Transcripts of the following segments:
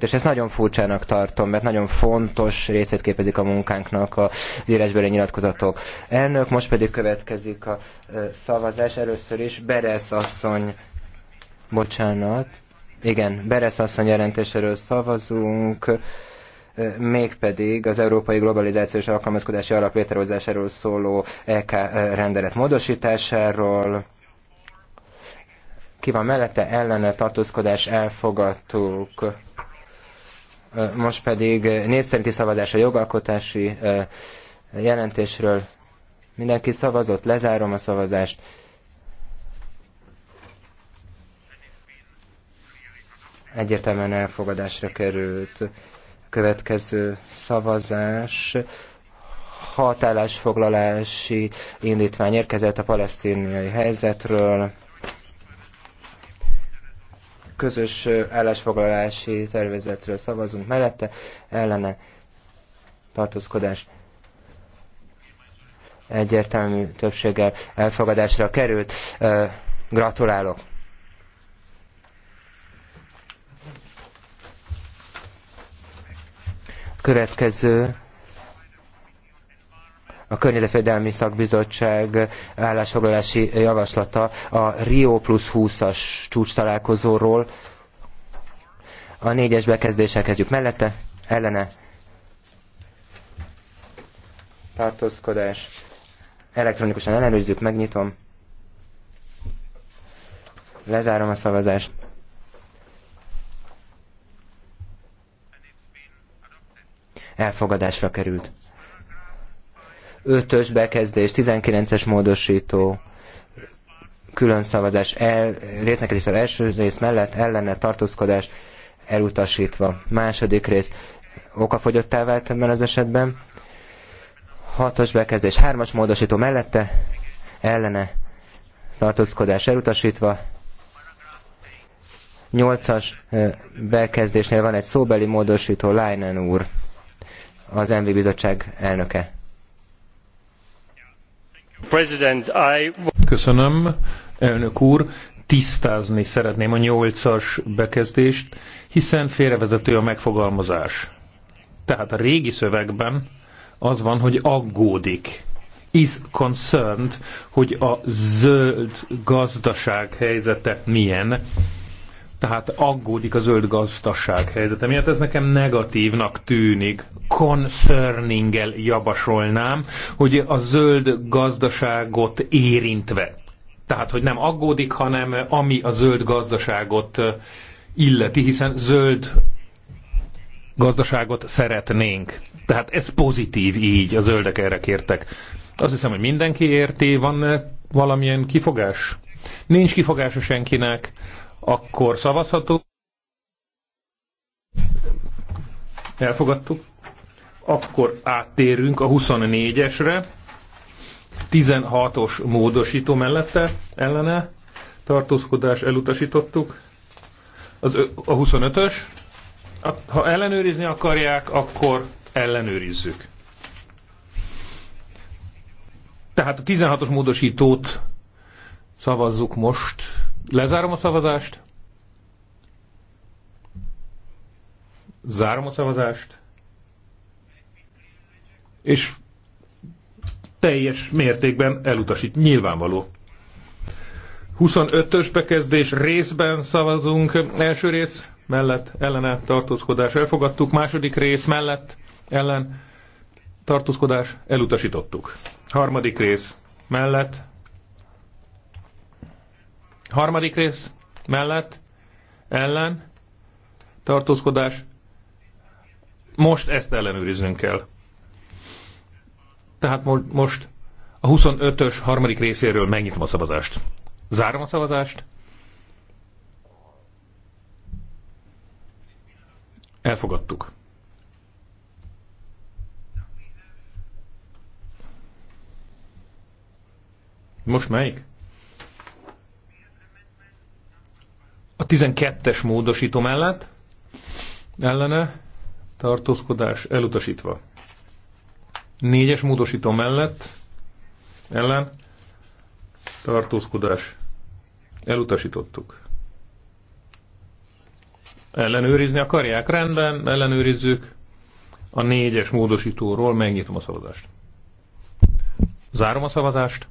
és ezt nagyon furcsának tartom, mert nagyon fontos részét képezik a munkánknak az írásbeli nyilatkozatok. Elnök, most pedig következik a szavazás először is. Beresz asszony, bocsánat, igen, Beresz asszony jelentéséről szavazunk, mégpedig az Európai Globalizációs Alkalmazkodási Alap létrehozásáról szóló EK rendelet módosításáról ki van mellette, ellene tartózkodás elfogadtuk. Most pedig eh, népszerinti szavazás a jogalkotási eh, jelentésről. Mindenki szavazott, lezárom a szavazást. Egyértelműen elfogadásra került. Következő szavazás hat állásfoglalási indítvány érkezett a palesztíniai helyzetről közös állásfoglalási tervezetről szavazunk mellette, ellene tartózkodás egyértelmű többséggel elfogadásra került. Gratulálok! Következő a Környezetvédelmi Szakbizottság állásfoglalási javaslata a Rio plusz 20-as csúcs találkozóról. A négyes bekezdéssel kezdjük mellette, ellene. Tartózkodás. Elektronikusan ellenőrizzük, megnyitom. Lezárom a szavazást. Elfogadásra került. 5-ös bekezdés, 19-es módosító, külön szavazás, el, résznek az első rész mellett, ellene tartózkodás elutasítva. Második rész okafogyottá vált ebben az esetben. Hatos bekezdés, hármas módosító mellette, ellene tartózkodás elutasítva. Nyolcas bekezdésnél van egy szóbeli módosító, Leinen úr, az MV bizottság elnöke. Köszönöm, elnök úr. Tisztázni szeretném a nyolcas bekezdést, hiszen félrevezető a megfogalmazás. Tehát a régi szövegben az van, hogy aggódik is concerned, hogy a zöld gazdaság helyzete milyen, tehát aggódik a zöld gazdaság helyzete miatt. Ez nekem negatívnak tűnik. Concerninggel javasolnám, hogy a zöld gazdaságot érintve. Tehát, hogy nem aggódik, hanem ami a zöld gazdaságot illeti, hiszen zöld gazdaságot szeretnénk. Tehát ez pozitív így, a zöldek erre kértek. Azt hiszem, hogy mindenki érti, van -e valamilyen kifogás? Nincs kifogása senkinek akkor szavazhatunk. Elfogadtuk. Akkor áttérünk a 24-esre. 16-os módosító mellette ellene tartózkodás elutasítottuk. Az, a 25-ös. Ha ellenőrizni akarják, akkor ellenőrizzük. Tehát a 16-os módosítót szavazzuk most. Lezárom a szavazást. Zárom a szavazást. És teljes mértékben elutasít. Nyilvánvaló. 25-ös bekezdés részben szavazunk. Első rész mellett ellene tartózkodás elfogadtuk. Második rész mellett ellen tartózkodás elutasítottuk. Harmadik rész mellett Harmadik rész mellett, ellen, tartózkodás. Most ezt ellenőriznünk kell. Tehát most a 25-ös harmadik részéről megnyitom a szavazást. Zárom a szavazást. Elfogadtuk. Most melyik? a 12-es módosító mellett ellene tartózkodás elutasítva. 4-es módosító mellett ellen tartózkodás elutasítottuk. Ellenőrizni akarják? Rendben, ellenőrizzük. A négyes módosítóról megnyitom a szavazást. Zárom a szavazást.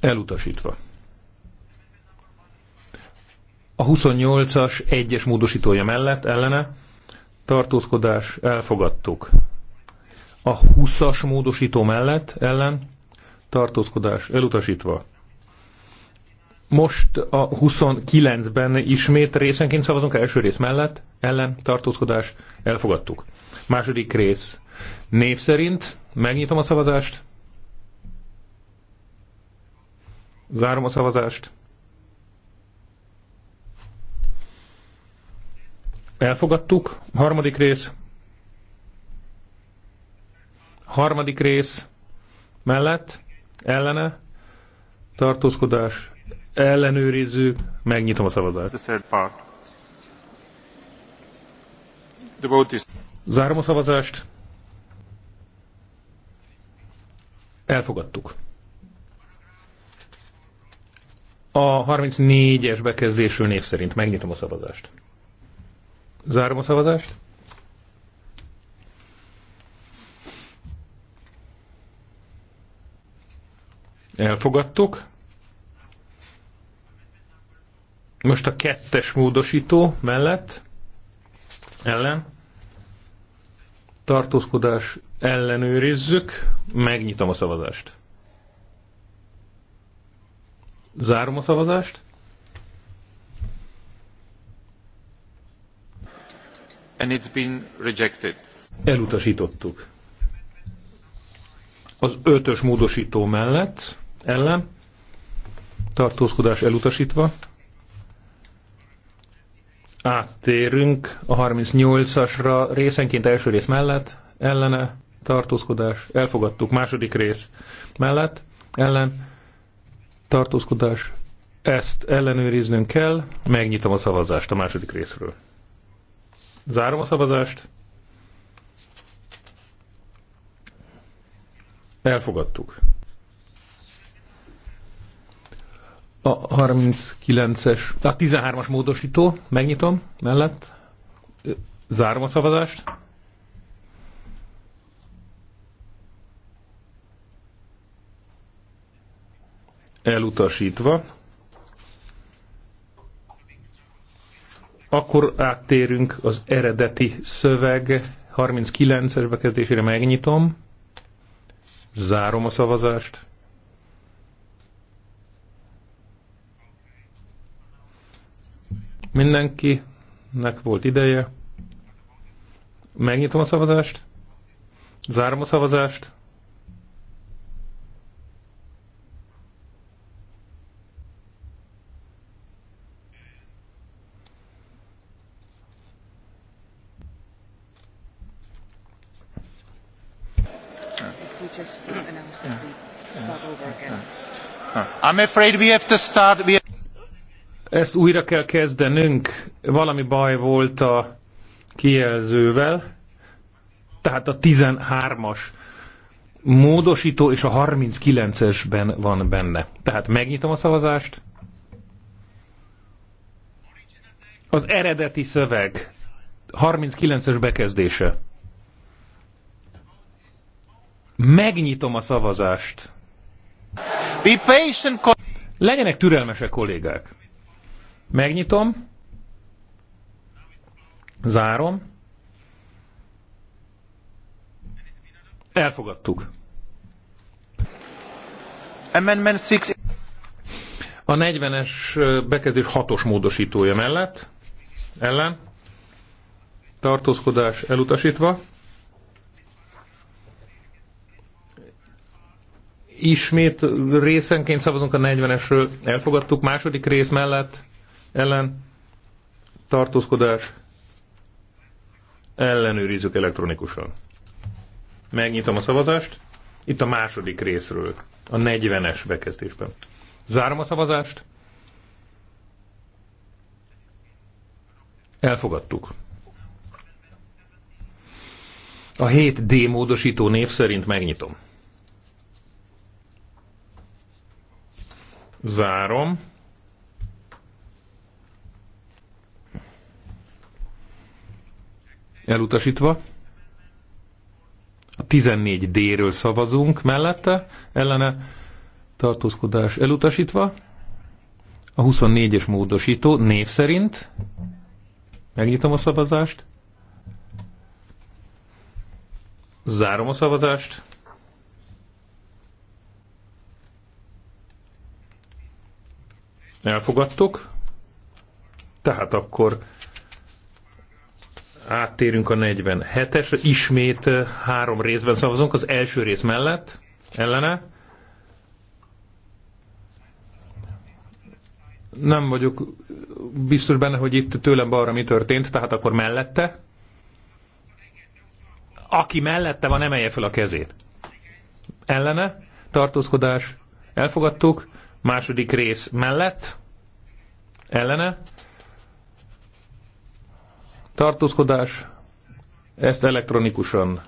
Elutasítva. A 28-as egyes módosítója mellett ellene tartózkodás elfogadtuk. A 20-as módosító mellett ellen tartózkodás elutasítva. Most a 29-ben ismét részenként szavazunk, első rész mellett, ellen, tartózkodás, elfogadtuk. Második rész. Név szerint megnyitom a szavazást. Zárom a szavazást. Elfogadtuk. Harmadik rész. Harmadik rész mellett, ellene, tartózkodás, ellenőriző, megnyitom a szavazást. Zárom a szavazást. Elfogadtuk. A 34-es bekezdésű név szerint megnyitom a szavazást. Zárom a szavazást. Elfogadtuk. Most a kettes módosító mellett ellen tartózkodás ellenőrizzük, megnyitom a szavazást. Zárom a szavazást. And it's been rejected. Elutasítottuk. Az ötös módosító mellett, ellen, tartózkodás elutasítva, áttérünk a 38-asra részenként első rész mellett, ellene, tartózkodás, elfogadtuk, második rész mellett, ellen, tartózkodás, ezt ellenőriznünk kell, megnyitom a szavazást a második részről. Zárom a szavazást. Elfogadtuk. A 39-es, a 13-as módosító, megnyitom, mellett. Zárom a szavazást. elutasítva, akkor áttérünk az eredeti szöveg 39-es bekezdésére megnyitom, zárom a szavazást, mindenkinek volt ideje, megnyitom a szavazást, zárom a szavazást, I'm afraid we have to start. We... Ezt újra kell kezdenünk. Valami baj volt a kijelzővel. Tehát a 13-as módosító és a 39-esben van benne. Tehát megnyitom a szavazást. Az eredeti szöveg 39-es bekezdése. Megnyitom a szavazást. Be patient. Legyenek türelmesek kollégák. Megnyitom. Zárom. Elfogadtuk. Amendment 6. A 40-es bekezdés 6-os módosítója mellett. Ellen. Tartózkodás elutasítva. Ismét részenként szavazunk a 40-esről. Elfogadtuk második rész mellett ellen tartózkodás. Ellenőrizzük elektronikusan. Megnyitom a szavazást. Itt a második részről, a 40-es bekezdésben. Zárom a szavazást. Elfogadtuk. A 7D módosító név szerint megnyitom. Zárom. Elutasítva. A 14 D-ről szavazunk mellette, ellene tartózkodás elutasítva. A 24-es módosító név szerint. Megnyitom a szavazást. Zárom a szavazást. Elfogadtok. Tehát akkor áttérünk a 47-esre, ismét eh, három részben szavazunk, az első rész mellett, ellene. Nem vagyok biztos benne, hogy itt tőlem balra mi történt, tehát akkor mellette. Aki mellette van, emelje fel a kezét. Ellene, tartózkodás, elfogadtuk. Második rész mellett, ellene, tartózkodás, ezt elektronikusan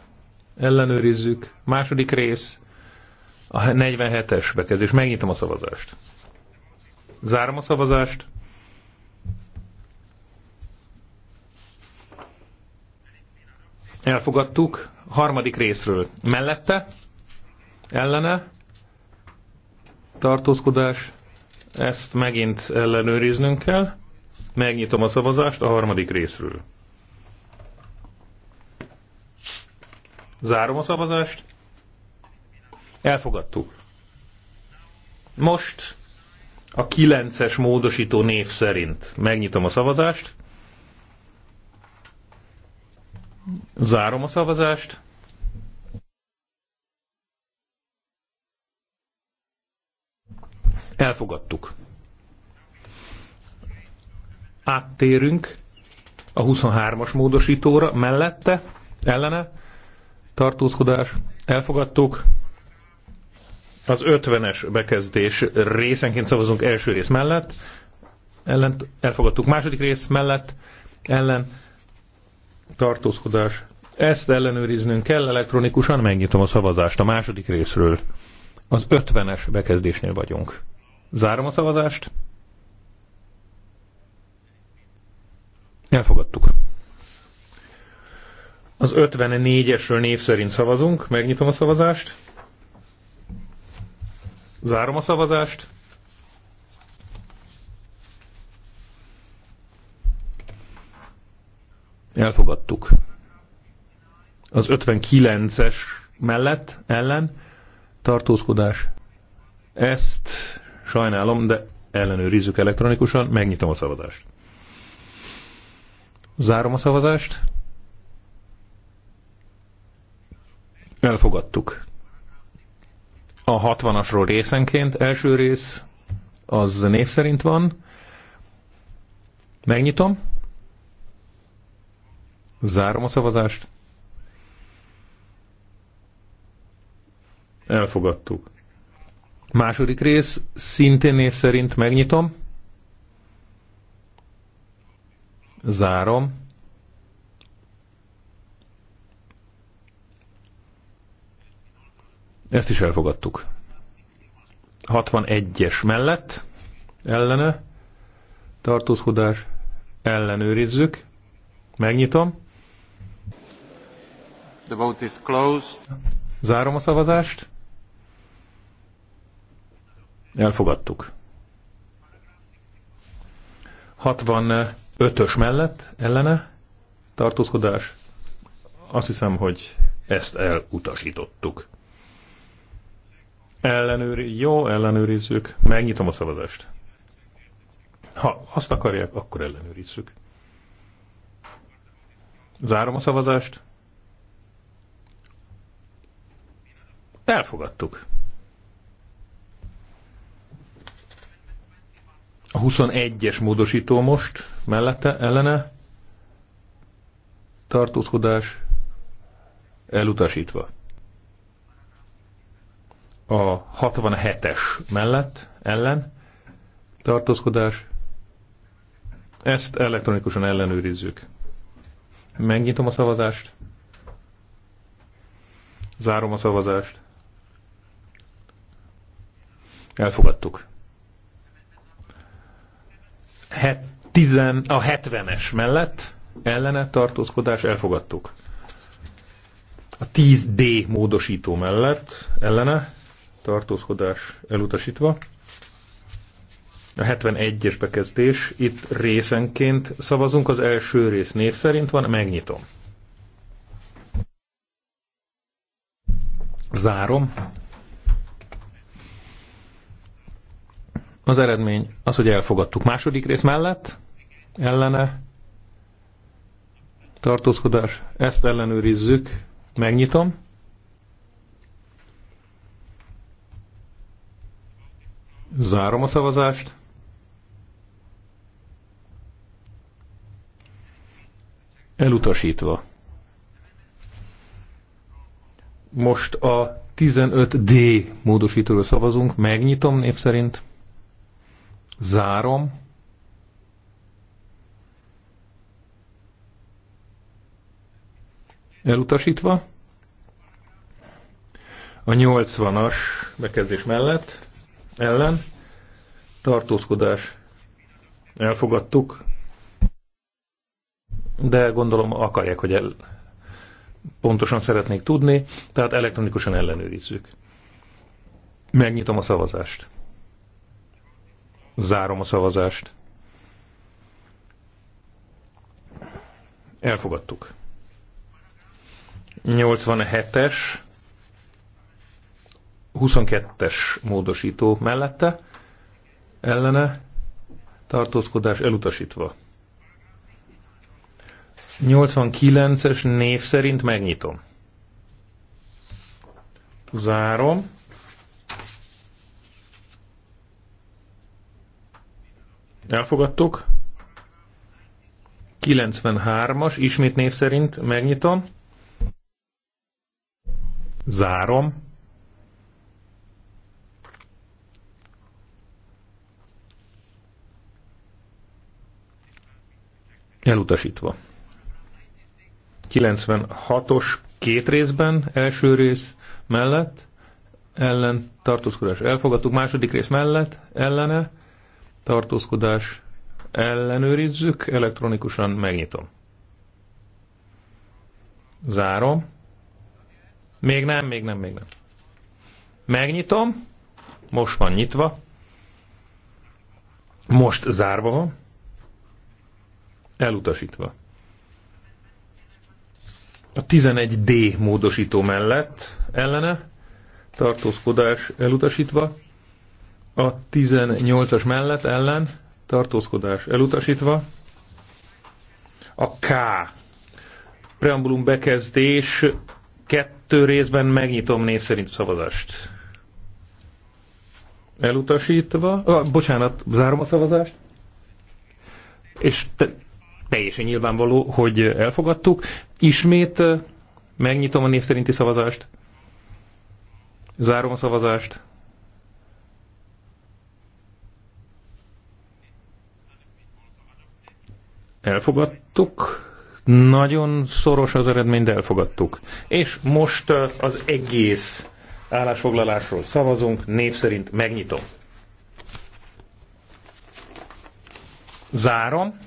ellenőrizzük. Második rész, a 47-es bekezdés. Megnyitom a szavazást. Zárom a szavazást. Elfogadtuk. Harmadik részről. Mellette? Ellene? tartózkodás, ezt megint ellenőriznünk kell. Megnyitom a szavazást a harmadik részről. Zárom a szavazást. Elfogadtuk. Most a 9-es módosító név szerint megnyitom a szavazást. Zárom a szavazást. Elfogadtuk. Áttérünk a 23-as módosítóra mellette, ellene, tartózkodás, elfogadtuk. Az 50-es bekezdés részenként szavazunk első rész mellett, ellen, elfogadtuk második rész mellett, ellen, tartózkodás. Ezt ellenőriznünk kell elektronikusan, megnyitom a szavazást a második részről. Az 50-es bekezdésnél vagyunk. Zárom a szavazást. Elfogadtuk. Az 54-esről név szerint szavazunk. Megnyitom a szavazást. Zárom a szavazást. Elfogadtuk. Az 59-es mellett ellen tartózkodás. Ezt Sajnálom, de ellenőrizzük elektronikusan, megnyitom a szavazást. Zárom a szavazást. Elfogadtuk. A 60-asról részenként első rész az név szerint van. Megnyitom. Zárom a szavazást. Elfogadtuk. Második rész, szintén név szerint megnyitom. Zárom. Ezt is elfogadtuk. 61-es mellett ellene tartózkodás ellenőrizzük. Megnyitom. The vote is closed. Zárom a szavazást. Elfogadtuk. 65-ös mellett ellene tartózkodás. Azt hiszem, hogy ezt elutasítottuk. Ellenőri, jó, ellenőrizzük. Megnyitom a szavazást. Ha azt akarják, akkor ellenőrizzük. Zárom a szavazást. Elfogadtuk. A 21-es módosító most mellette ellene tartózkodás elutasítva. A 67-es mellett ellen tartózkodás ezt elektronikusan ellenőrizzük. Megnyitom a szavazást. Zárom a szavazást. Elfogadtuk a 70-es mellett ellene tartózkodás elfogadtuk. A 10D módosító mellett ellene tartózkodás elutasítva. A 71-es bekezdés, itt részenként szavazunk, az első rész név szerint van, megnyitom. Zárom. Az eredmény az, hogy elfogadtuk. Második rész mellett ellene tartózkodás. Ezt ellenőrizzük. Megnyitom. Zárom a szavazást. Elutasítva. Most a 15D módosítóról szavazunk. Megnyitom név szerint. Zárom. Elutasítva. A 80-as bekezdés mellett, ellen, tartózkodás. Elfogadtuk, de gondolom akarják, hogy el, pontosan szeretnék tudni, tehát elektronikusan ellenőrizzük. Megnyitom a szavazást. Zárom a szavazást. Elfogadtuk. 87-es, 22-es módosító mellette, ellene, tartózkodás elutasítva. 89-es név szerint megnyitom. Zárom. Elfogadtuk. 93-as, ismét név szerint megnyitom. Zárom. Elutasítva. 96-os két részben, első rész mellett, ellen tartózkodás elfogadtuk, második rész mellett, ellene, tartózkodás ellenőrizzük, elektronikusan megnyitom. Zárom. Még nem, még nem, még nem. Megnyitom, most van nyitva, most zárva van, elutasítva. A 11D módosító mellett ellene tartózkodás elutasítva, a 18-as mellett ellen tartózkodás elutasítva. A K. Preambulum bekezdés kettő részben megnyitom név szerint szavazást. Elutasítva. Ah, bocsánat, zárom a szavazást. És te, teljesen nyilvánvaló, hogy elfogadtuk. Ismét megnyitom a név szerinti szavazást. Zárom a szavazást. Elfogadtuk. Nagyon szoros az eredmény, de elfogadtuk. És most az egész állásfoglalásról szavazunk, név szerint megnyitom. Zárom.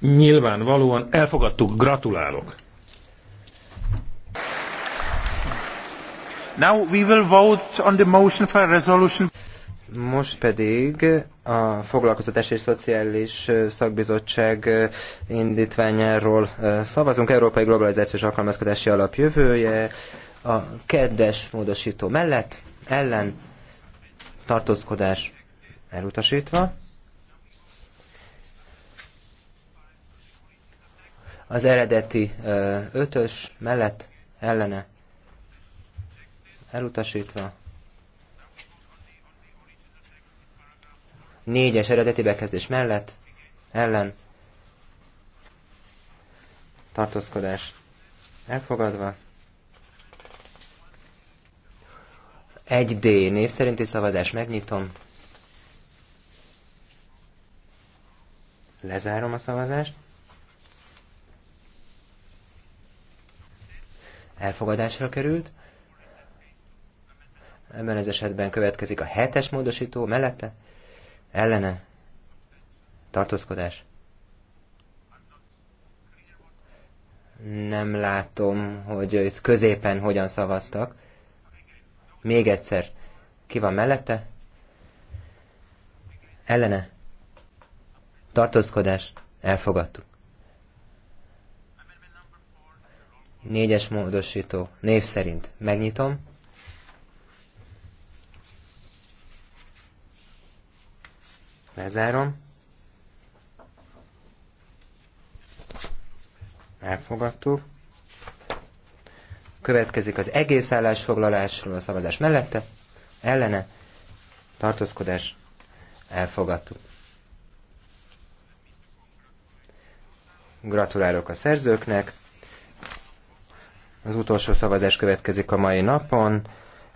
Nyilvánvalóan elfogadtuk, gratulálok. Now we will vote on the motion for resolution. Most pedig a Foglalkoztatás és Szociális Szakbizottság indítványáról szavazunk. Európai Globalizációs Alkalmazkodási Alap jövője. A kedves módosító mellett, ellen, tartózkodás elutasítva. Az eredeti ötös mellett, ellene, elutasítva. négyes eredeti bekezdés mellett, ellen, tartózkodás elfogadva. 1D név szerinti szavazás megnyitom. Lezárom a szavazást. Elfogadásra került. Ebben az esetben következik a hetes módosító mellette ellene, tartózkodás. Nem látom, hogy itt középen hogyan szavaztak. Még egyszer, ki van mellette? Ellene, tartózkodás, elfogadtuk. Négyes módosító, név szerint megnyitom. Lezárom. Elfogadtuk. Következik az egész állásfoglalásról a szavazás mellette. Ellene. Tartózkodás. Elfogadtuk. Gratulálok a szerzőknek. Az utolsó szavazás következik a mai napon.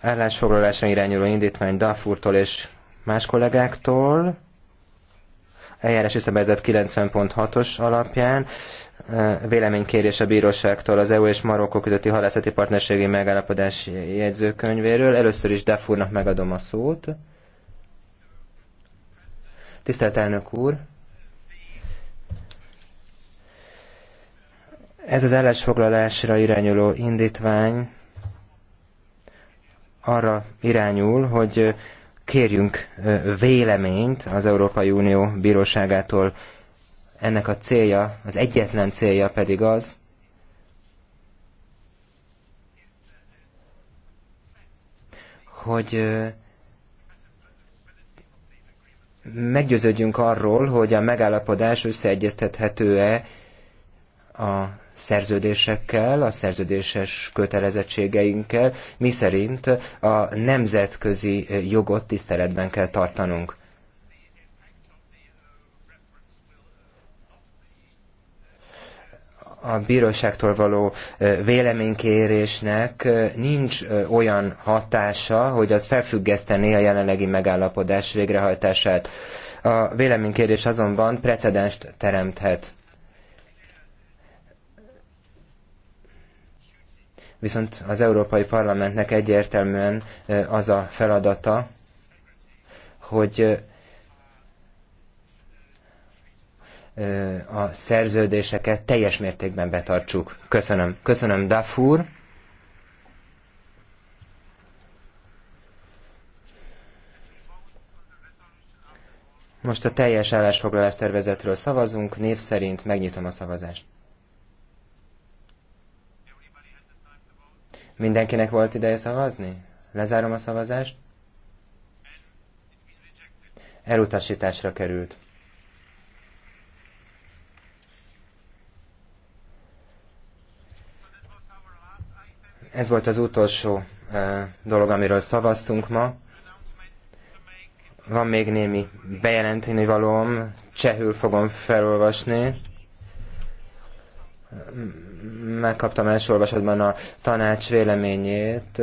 Állásfoglalásra irányuló indítvány Dafurtól és más kollégáktól eljárási szabályzat 90.6-os alapján véleménykérés a bíróságtól az EU és Marokkó közötti halászati partnerségi megállapodás jegyzőkönyvéről. Először is Dafurnak megadom a szót. Tisztelt elnök úr! Ez az ellensfoglalásra irányuló indítvány arra irányul, hogy kérjünk véleményt az Európai Unió bíróságától. Ennek a célja, az egyetlen célja pedig az, hogy meggyőződjünk arról, hogy a megállapodás összeegyeztethető-e a szerződésekkel, a szerződéses kötelezettségeinkkel, mi szerint a nemzetközi jogot tiszteletben kell tartanunk. a bíróságtól való véleménykérésnek nincs olyan hatása, hogy az felfüggesztené a jelenlegi megállapodás végrehajtását. A véleménykérés azonban precedenst teremthet. viszont az Európai Parlamentnek egyértelműen az a feladata, hogy a szerződéseket teljes mértékben betartsuk. Köszönöm. Köszönöm, Dafur. Most a teljes állásfoglalás tervezetről szavazunk, név szerint megnyitom a szavazást. Mindenkinek volt ideje szavazni? Lezárom a szavazást. Elutasításra került. Ez volt az utolsó uh, dolog, amiről szavaztunk ma. Van még némi bejelenteni valóm, csehül fogom felolvasni megkaptam első olvasatban a tanács véleményét,